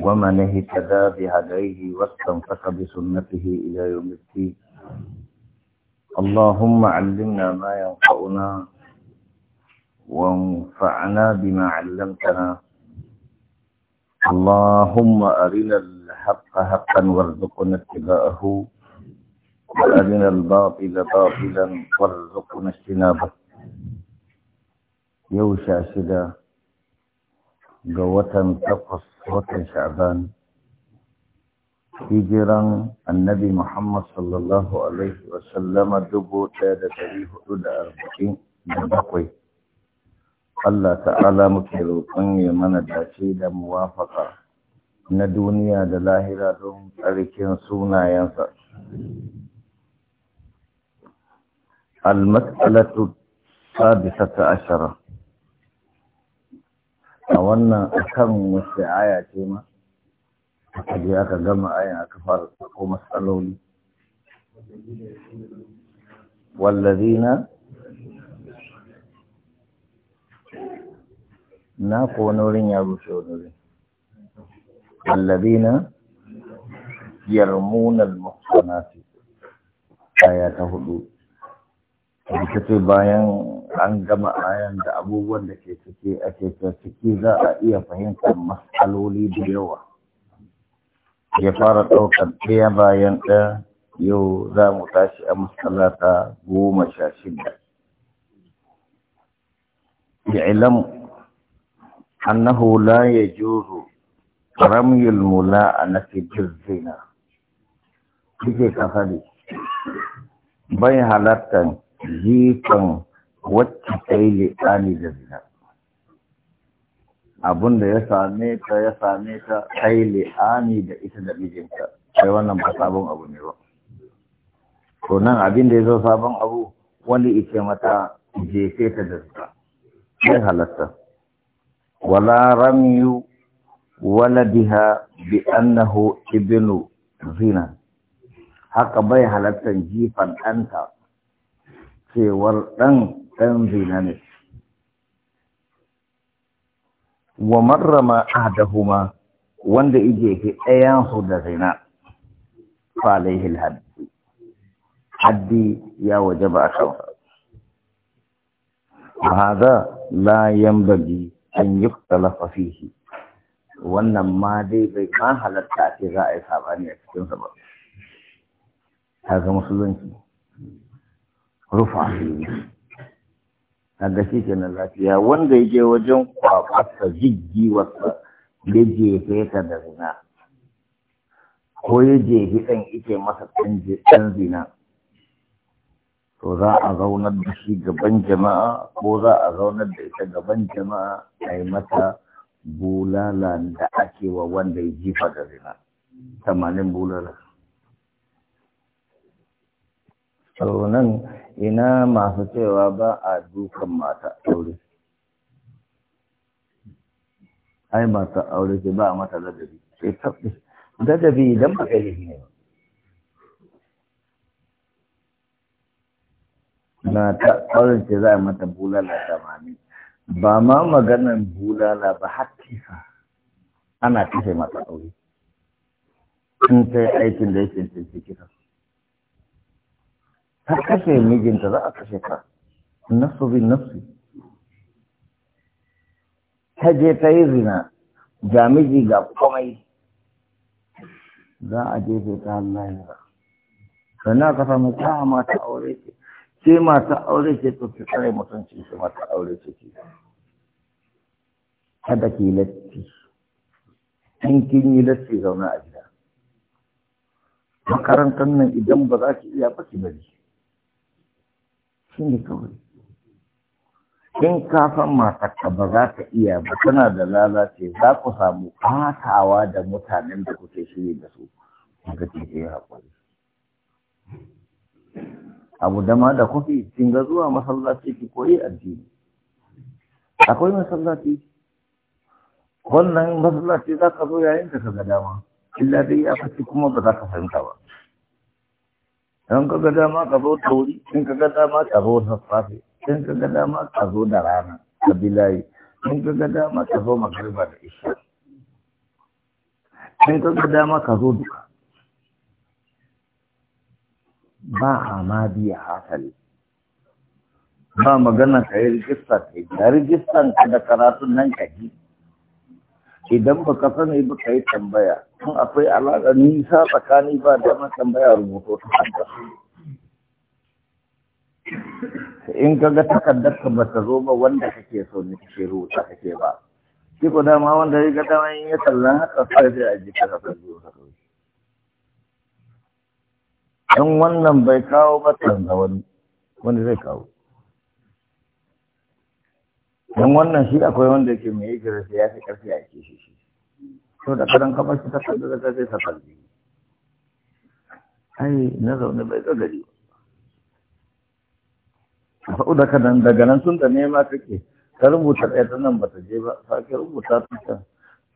ومن اهتدى بهديه واستنفق بسنته إلى يوم الدين اللهم علمنا ما ينفعنا وانفعنا بما علمتنا اللهم أرنا الحق حقا وارزقنا اتباعه وأرنا الباطل باطلا وارزقنا اجتنابه يوشع شده ga watan takwas watan sha'ban hijiran annabi Muhammad sallallahu Alaihi sallama, dubu ɗaya da ɗari hudu da arba'in da bakwai. Allah ta'ala muke roƙon ya mana dace da muwafaka na duniya da lahira don tsarkin sunayensa. Al-mas'alatu sadisata ashara a wannan akan wasu aya ce ma aka je aka gama ayan aka fara ko matsaloli wallazina na ko wurin ya rushe nurin wallazina yarmuna al-muhsanati aya ta hudu ita ce bayan an gama ayan da abubuwan da ke a ake ciki za a iya fahimtar matsaloli da yawa ya fara ɗaukar ɗaya bayan ɗaya yau za mu tashi a matsala ta goma sha shida ya أنه لا mula a الملاءنة بالزنا kike kafari bai halartar jifan wacce ta yi liƙani da zina abinda ya same ta ya same ta ta yi liƙani da ita da mijinta sai wannan ba sabon abu ne ba to nan abin da ya zo sabon abu wani ita mata jefe ta da zina sai halatta wala wala waladiha bi annahu ibnu zina haka bai halattan jifan ɗanta cewar ɗan تنزيلا ومرما أحدهما وند إجيه أيان خود زنا فعليه الحد حدي يا وجب أخو وهذا لا ينبغي أن يختلف فيه وأن ما دي bai ma halatta ce za a yi sabani a cikinsa ba kaga shi kenan lafiya wanda yake wajen jiggi jiggiwarsa ya jefe ta da zina ko ya jefi ɗan ike masa ɗan zina to za a zaunar da shi gaban jama'a ko za a zaunar da ita gaban jama'a a yi mata bulala da ake wa wanda ya jifa da zina tamanin bulala. nan ina masu cewa ba a dukan mata aure ai mata aure ce ba a mata ladabi sai tabbi ladabi idan ba kai ne na ta aure ce za a mata bulala tamanin ba ma maganin bulala ba har ana kashe mata aure in sai aikin da yake cikin kisa ta kashe mijinta za a kashe ka nafsu bin nafsu ta je ta yi zina ga miji ga komai za a jefe ta lahira sannan ka samu ta mata aure ce ce mata aure ce to ki tsare mutunci ce mata aure ce ce kada ki latti in kin yi latti zauna a gida makarantar nan idan ba za ki iya ba ki bari shi ne kawai in ka san matarka ba za ta iya ba tana da lalace za ku samu fatawa da mutanen da kuke shiri da su ga cikin haƙuri abu dama da kofi kin ga zuwa masallaci ki koyi addini akwai masallaci wannan masallaci za ka zo yayin da ka ga dama illa dai ya fashi kuma ba za ka fahimta ba in ka ga dama ka zo tauri in ka ga dama ka zo sassafe in ka ga dama ka zo da rana ka bilayi in ka ga dama ka zo magariba da isha in ka ga dama ka zo duka ba a ma biya hasali ba magana ka yi rijistar ka yi da ka da karatun nan ka ji idan ba ka sani ba ka yi tambaya tun akwai alaƙa nisa tsakani ba dama tambaya rubuto ta hanta in ka ga takardar ka ba ta zo ba wanda kake so ne kake rubuta kake ba shi ko dama wanda ya ga dama in ya kalla haka sai sai a ka ta ka biyu ka dan wannan bai kawo ba tanza wani wani zai kawo don wannan shi akwai wanda yake mai yake da ya fi karfi a ke shi to da karan kamar shi ta kalli da zai safar kalli ai na zaune bai tsagari ba fa'u da kadan daga nan tun da nema kake ka rubuta ɗaya ta nan ba ta je ba sake rubuta ta can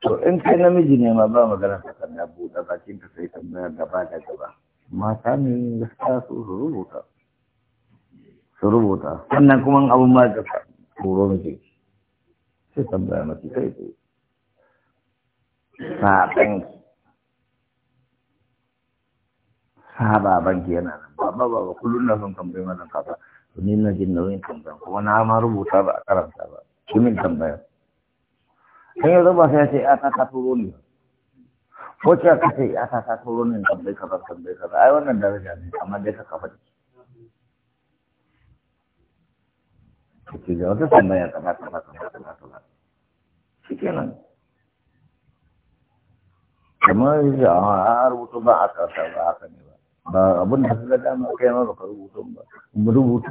to in kai namiji ne ma ba magana ta kan na buɗe bakin ka sai tambaya gaba da gaba mata ne sa su rubuta su rubuta sannan kuma abun ma ka turo mu sai tambaya mace kai tsaye saɓan saba banki yana nan ba ba ba kullum na son tambayi mazan kafa to ni na jin nauyin tambayan kuma na ma rubuta ba a karanta ba kimin tambaya sai yanzu ba sai ya ce ya ta ka turo ne ko ce ka ce ya ta ka turo ne tambayi kaza tambayi kaza ai wannan daraja ne amma dai ka kafa ciki Itu jauh ya tambah Sekian. Kamar ba. ba.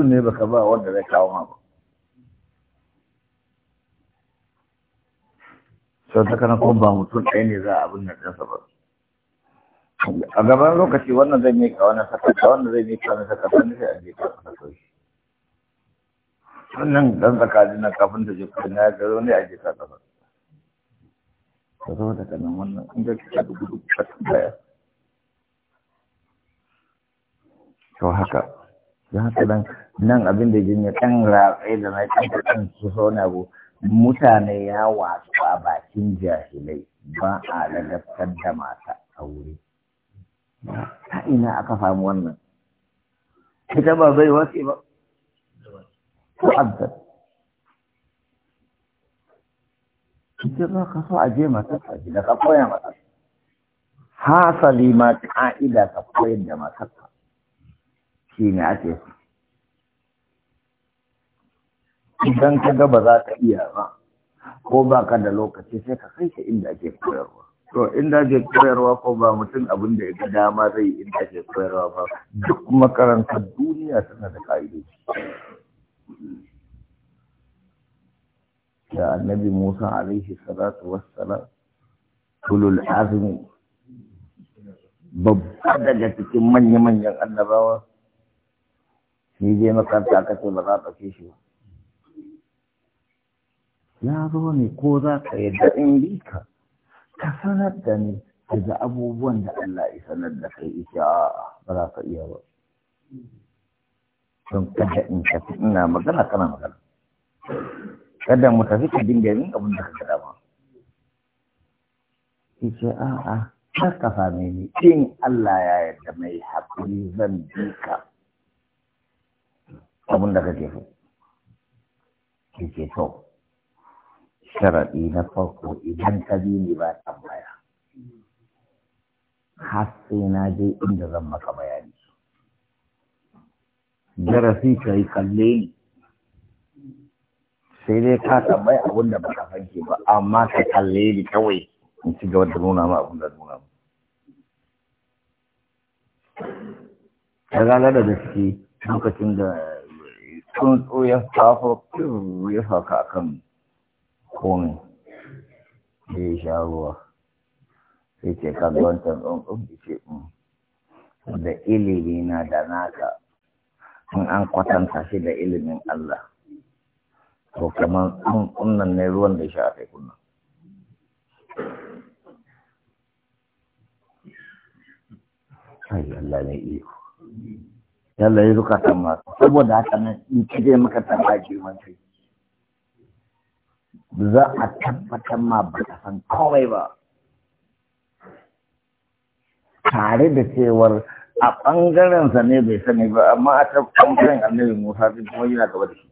ne ba. sau ta kana kuma ba mutum ɗaya ne za a abin da ɗansa ba a gaban lokaci wannan zai mika wannan sakata wannan zai mika wannan sakata sai a ka wannan dan tsakani na kafin da jikin na ya garo ne a ta kafa ka zo daga nan wannan inda ga kika dubu dubu ka tambaya to haka ya haka nan nan abin da jinya kan ratsai da na kan kan su na abu mutane ya wasu a bakin jahilai ba a ladabtar da mata a wuri ta ina aka samu wannan ita ba zai wasu ba تعذب cikin عجيمة لك je يا a ka koya mata hasali ma ka'ida ka koyar da matarka shi ake so idan ka ga ba za ka iya ba ko ba ka da lokaci sai ka kai ka inda ake koyarwa to inda ake koyarwa ko ba mutum abin da ya dama zai inda ake koyarwa ba duk makarantar duniya tana da ka'idoji da annabi Musa alaihi salatu wassalam ulul azmi babba daga cikin manya-manyan annabawa shi je makaranta aka ce ba za a ya zo ne ko za ka yadda in bi ka ka sanar da ni daga abubuwan da Allah ya sanar da kai ita ba za ka iya ba sun kada in tafi ina magana kana magana kada mu tafi ka dinga yin abin da ka dama ce a'a kar ka same ni in Allah ya yarda mai haƙuri zan bi ka abin da kake so ce to sharaɗi na farko idan ka bi ni ba tambaya har sai na je inda zan maka bayani darasi ka yi kalle ni sai dai ka tambayi abin da ka fanke ba amma ka kalle ni kawai in ci gaba da nuna ma abin da nuna ma ta gana da suke lokacin da sun ya tafa ya saka kan komai da ya sha ruwa sai ce ka wancan tsuntsun ce mm. da ilimi na da naka in an kwatanta shi da ilimin Allah to kamar kunnan ne ruwan da a kai kunnan kai Allah ne iko yalla yi zukatan ma saboda haka nan in kije maka tambaki wancan za a tabbatar ma ba ka san kawai ba tare da cewar a ɓangarensa ne bai sani ba amma a ta ɓangaren annabi musa din kuma yana gaba da shi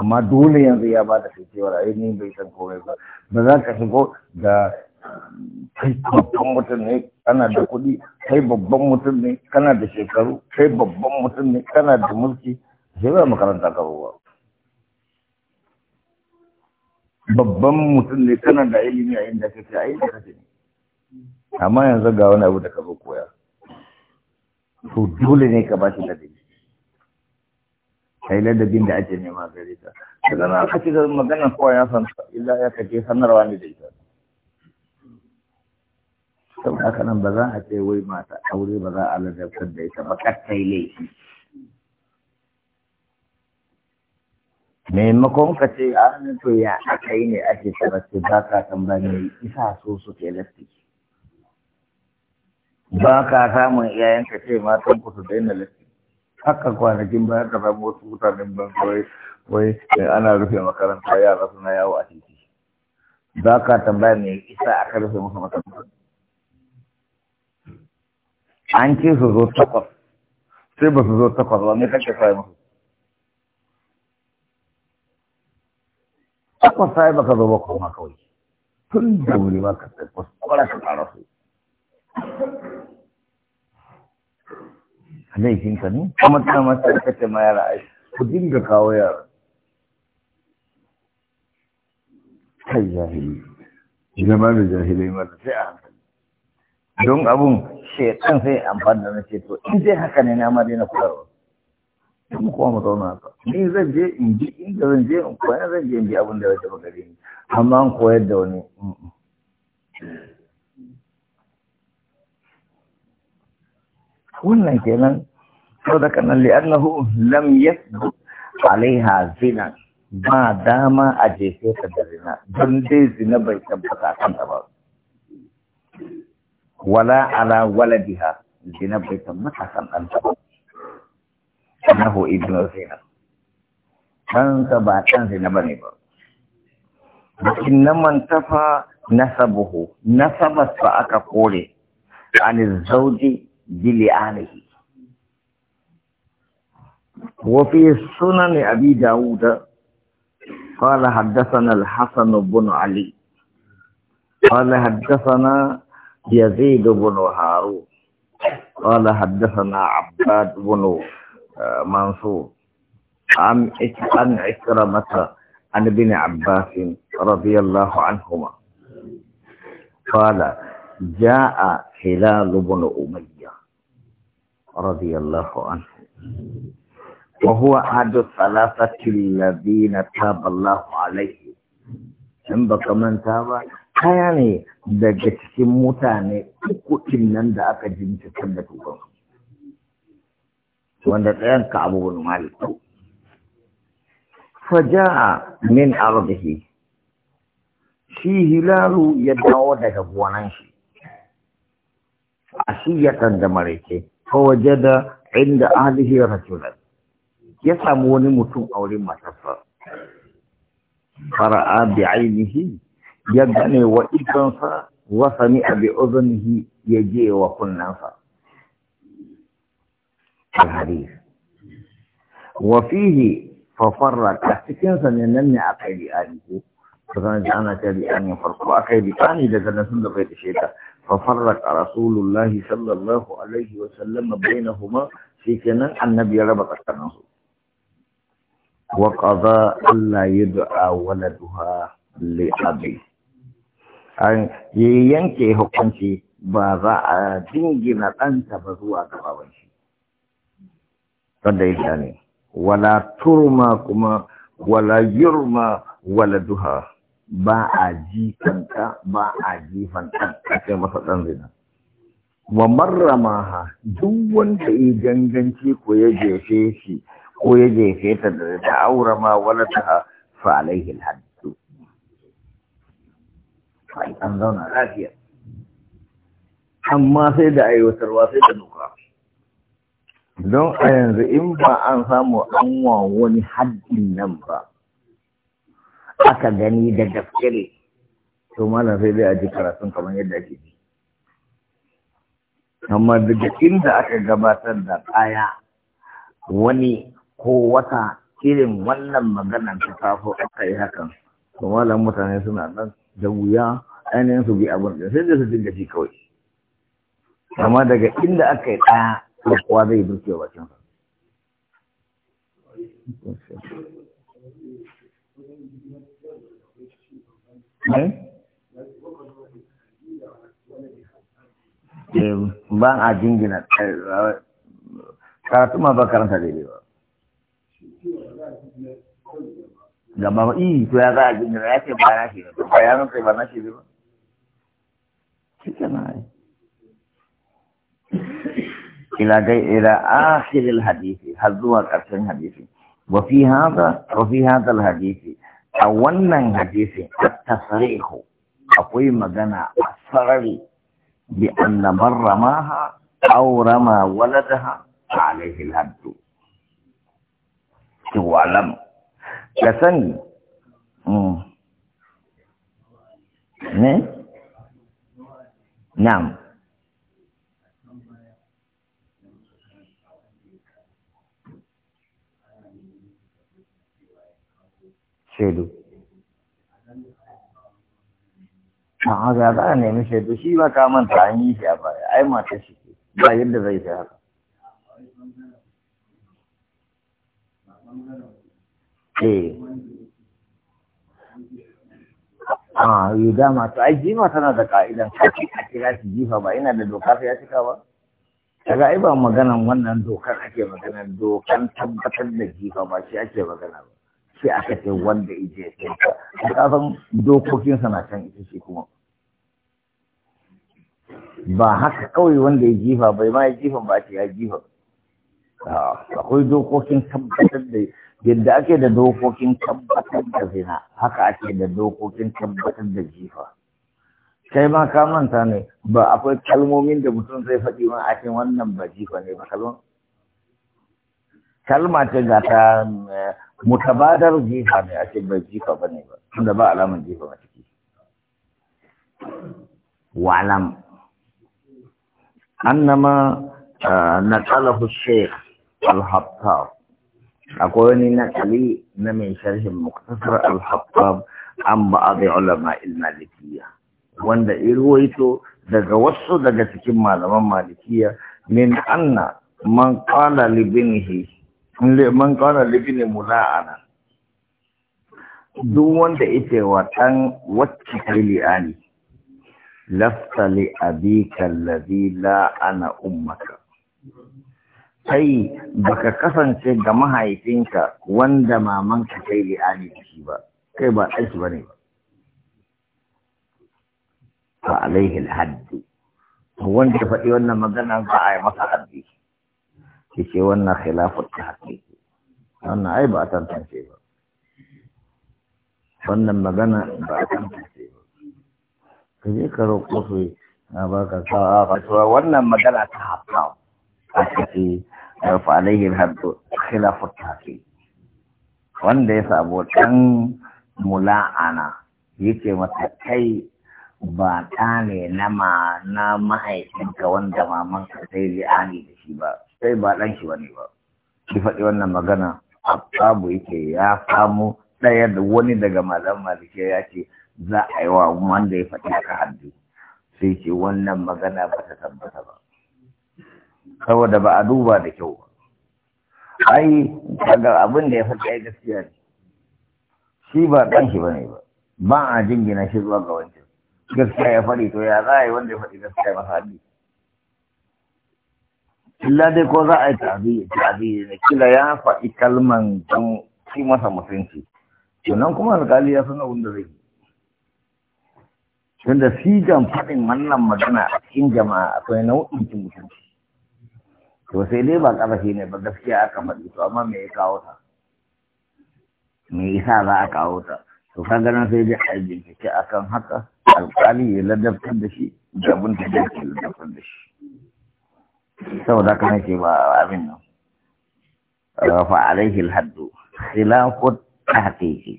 amma dole yanzu ya ba da kai a ainihin bai san komai ba ba za ka shigo da kai babban mutum ne kana da kuɗi kai babban mutum ne kana da shekaru kai babban mutum ne kana da mulki sai ba makaranta ka ba babban mutum ne kana da ilimi a inda kake a inda kake amma yanzu ga wani abu da ka zo koya to dole ne ka bashi ladabi kai ladabin da ake nema gare ta daga na aka ci magana kowa ya san illa ya kace sanarwa ne da ita sau haka nan ba za a ce wai mata aure ba za a ladabtar da ita ba kattai laifi maimakon ka ce a ah, to ya aka yi ne ake tsararci ba ka tambani isa so suke lafi ba ka samun iyayenka ce matan ku su daina lafi haka kwanakin bayan ka samu wasu mutanen kawai wai ana rufe makaranta yara suna yawo a titi Ba ka tambaya mai isa aka rufe musu makaranta an ce su zo takwas sai ba su zo takwas ba me kake sa musu takwas sai baka zo ba kuma kawai tun da wuri ba ka tsaye kwara ka tsara su laifin ka ne kuma ta masa ita ce ma yara ai ku dinga kawo yara kai jahili zama da jahilai mata sai a hankali don abun shekan sai amfani da na ce to in dai haka ne na ma daina koyarwa ta mu kowa mu zauna haka ni zan je in ji inda zan je in koya zan je in bi abin da ya taɓa gare ne amma an koyar da wani تكون نجلا صدقا لانه لم يثبت عليها زنا ما دام اجيتك الزنا بندي زنا بيتا بتا ولا على ولدها زنا بيتا متحسن انت انه ابن زنا انت باتن زنا بني بر لكن من تفا نسبه نسب فاكا قولي عن الزوجي بلعانه وفي سنن أبي داود قال حدثنا الحسن بن علي قال حدثنا يزيد بن هارون قال حدثنا عباد بن آه، منصور عن عن عكرمة عن ابن عباس رضي الله عنهما قال جاء هلال بن أمية رضي الله عنه وهو أحد الثلاثة الذين تاب الله عليه in baka manta ba kaya ne daga cikin mutane uku nan da aka jinkirtar da tuban wanda ɗayan ka abu wani faja'a min ardihi shi hilalu ya dawo daga gonan shi ya da marece fawajada inda ahlihi rajulan ya samu wani mutum a wurin matarsa fara'a bi ainihi ya gane wa idansa wa sami'a bi udhunihi ya je wa kunnansa wa fihi fa farraqa cikin ne nan ne akai bi ainihi to zan ji ana ta farko akai da ainihi daga nan sun da bai da shaita ففرق رسول الله صلى الله عليه وسلم بينهما في كنا النبي ربط كنه وقضى ألا يدعى ولدها لأبي an yi yanke hukunci ba za a dingina ɗanta ba zuwa gaban shi ne wala turma kuma wala yurma duha ba a jifan ka ba a jifan ɗan a ce masa ɗan zina wa ha duk wanda ya ganganci ko ya jefe shi ko ya jefe ta da ta aura ma wani ta fa alaihi alhaddu sai an zauna lafiya amma sai da aiwatarwa sai da nuka don a yanzu in ba an samu an wa wani haddin nan ba aka gani da daftere, to malam sai dai a ji karatun kamar yadda ake ji amma daga inda aka gabatar da kaya wani ko wata irin wannan maganan ta taso aka yi hakan to malam mutane suna nan da wuya ainihin su bi abin da sai dai su dinga ji kawai amma daga inda aka yi ɗaya to kowa zai burke bakin sa Eh? Eh, ba a jingina eh, karatu ma ba karanta daidai ba gaba i to ya za a jingina ya ce ba na shi ne ba ya nuna ba na shi ne ba shi ke ila dai ila akhiril hadisi har zuwa ƙarshen hadisi wa fi hada wa fi hada al hadisi a wannan hadisin at akwai magana a sarari bi anna Ramaha, aw rama waladaha alaihi al ki walam ka sani mm, ne shaidu a za a nemi shaidu shi ba ka ta an yi shi a baya ai mata shi ba yadda zai shi haka eh a yi dama ta ai jima tana da ka'idan kafin a kira shi jifa ba ina da doka ta ya cika ba daga ai ba maganan wannan dokar ake magana dokan tabbatar da jifa ba shi ake magana ba sai aka ce wanda ije ya sai ka san dokokinsa na can ita shi kuma ba haka kawai wanda ya jifa bai ma ya jifa ba ce ya jifa akwai dokokin tabbatar da yadda ake da dokokin tabbatar da zina haka ake da dokokin tabbatar da jifa kai ma ka manta ne ba akwai kalmomin da mutum zai faɗi ma a wannan ba jifa ne ba kalmomin kalma ce ga ta eh, mutabadar jifa ne a ce bai jifa ba ne ba tunda ba alamun jifa a ciki walam annama eh, na kalahu sheikh al akwai wani na kali na mai sharhin muktasar al-hattab an ba'ad ulama ilmalikiya wanda irwaito daga wasu daga cikin malaman malikiya min anna man qala li man kana libini mula'ana duk wanda ita wa ɗan wacce kai li'ani lafta li abika allazi la ana ummaka kai baka kasance ga mahaifinka wanda mamanka kai li'ani da shi ba kai ba ɗan shi ne. ba alaihi alhaddi wanda faɗi wannan magana ba a yi masa haddi yace wannan khilafu ta haƙiƙi wannan ai ba a tantance ba wannan magana ba a tantance ba ka je ka roƙo su na baka sa'a fatuwa wannan magana ta haƙa a cikin fa alaihi haddu khilafu ta haƙiƙi wanda ya sabo ɗan mula'ana yake mata kai ba ɗa ne na ma na mahaifinka wanda mamanka sai ani da shi ba sai ba ɗan shi wani ba ki faɗi wannan magana abu yake ya samu ɗaya da wani daga malam malike ya ce za a yi wa wanda ya faɗi aka hannu sai ce wannan magana ba ta tabbata ba saboda ba a duba da kyau ba ai daga abin da ya faɗi ai gaskiya ne shi ba ɗan shi ba ne ba ba a jingina shi zuwa ga wancan gaskiya ya faɗi to ya za a yi wanda ya faɗi gaskiya ba hannu illa dai ko za a yi ta'abiri ta'abiri ne kila ya faɗi kalman don shi masa mutunci sannan kuma alkali ya san abin da zai yi shi sigan faɗin wannan magana a cikin jama'a akwai nau'in cin mutunci to sai dai ba ƙarfi ne ba gaskiya aka faɗi to amma me ya kawo ta me yasa za a kawo ta to ka ganin sai dai a bincike akan haka alkali ya ladabtar da shi da abin ladabtar da shi saboda haka nake ba abin nan fa alaihi alhaddu khilafu tahqiqi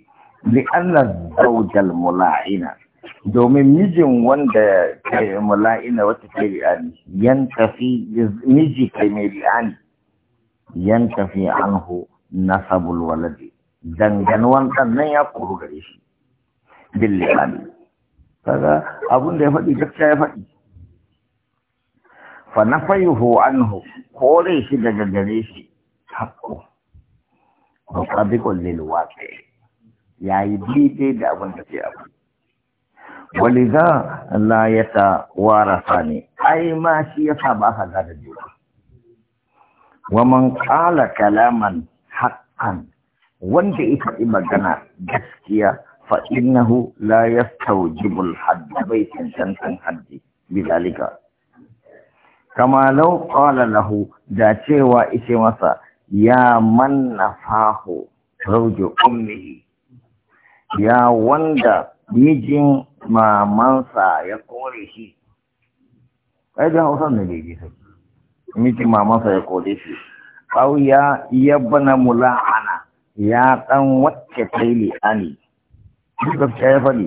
li anna zawj almula'ina domin mijin wanda ke mula'ina wata ke bi'ani yantafi miji kai mai bi'ani yantafi anhu nasabul waladi danganuwan nan ya kuru gare shi billahi kaga abun da ya faɗi gaskiya ya faɗi fa nafayuhu anhu kore shi daga gare shi haƙo ba sabiqul lil Ya yi daidai da abin da ke abu waliza la ta warasa ne ai ma shi yasa ba ka da juna wa man qala kalaman haqqan wanda ita yi magana gaskiya fa innahu la yastawjibul hadd bai tantan haddi bidalika kama lau qala lahu da cewa ishe masa ya manna fahu rauje ummihi ya wanda mijin mamansa ya kore shi kai da hausa ne bai gisa mijin mamansa ya kore shi aw ya yabna mula'ana ya ɗan wacce yi li'ani duk da ya ƙau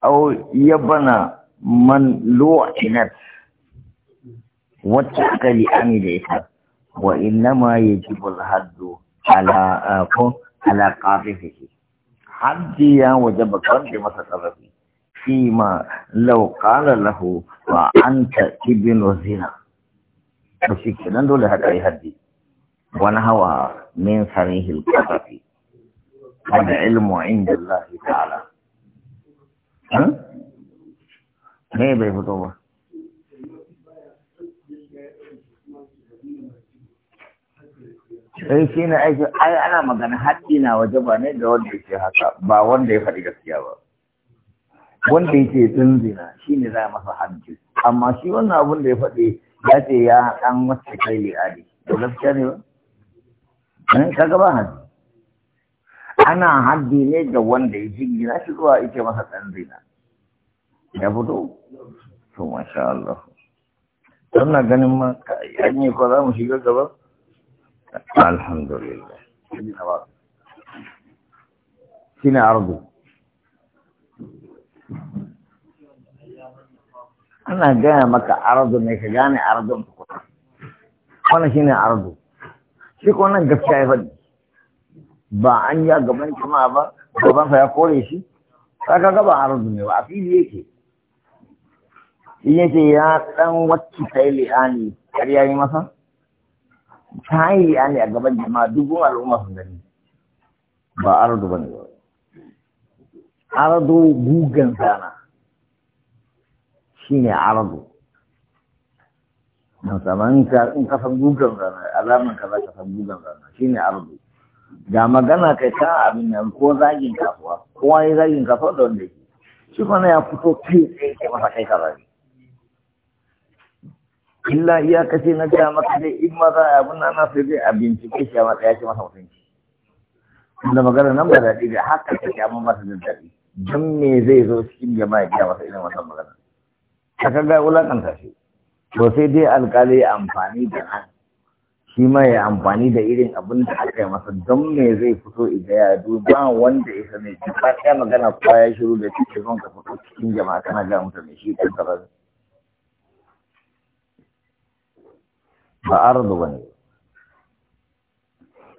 aw yabna man lu'inat واتق لأمد إسلام وإنما يجب الحد على أكو آه، على قاطفه حد يا وجب قرد مسقره فيما لو قال له وأنت ابن الزنا وشيك لندو لها أي حد ونهوى من سنيه القطف العلم عند الله تعالى ها؟ ما يبقى sai eh, shi ne aiki ai ana magana haɗi na waje ba ne da wanda yake haka ba wanda ya faɗi gaskiya ba wanda yake tsinzina shi ne za a masa haƙƙi amma shi wannan abin da ya faɗi ya ce ya ɗan wata kai li'adi da gaskiya ne ba eh, kaga ba haƙƙi ana haddi ne ga wanda ya na shi zuwa ike masa tsanzina ya fito to masha Allah. Sannan ganin ma an yi ko za mu shiga gaba? الحمد لله فينا عرضي أنا جاي مكة عرض ميكا جاني عرض وانا شيني عرض شيك وانا قف شايفة با عنيا قبل كما با قبل فيقول ايشي فاكا قبل عرض مي وعفيد يكي يجي يا تنوكي فيلي آني كريا يمسا shayi ya ne a gaban jama'a dubun al'umma su gani ba ardu ba ne ba ardu gugan sana shine ardu musamman in ka san gugan sana alaman ka za san gugan sana shine ardu da magana kai ta abin nan ko zagin kasuwa ko ya zagin kasuwa da wanda yake shi kwana ya fito kai tsaye kai masa kai kaza ne illa iya kace na ga maka dai in ma za a abin na sai dai a bincike shi a matsaya ce masa mutunci inda magana nan ba daɗi da haka ta amma masa da daɗi don me zai zo cikin jama'a ya masa irin wannan magana haka ga wulakanta shi to sai dai alƙali ya amfani da nan shi ma ya amfani da irin abin da aka yi masa don me zai fito idan ya ba wanda ya sani ba ɗaya magana kowa ya shiru da cikin ka fito cikin jama'a kana ga mutane shi kan karar ba ardu ba ne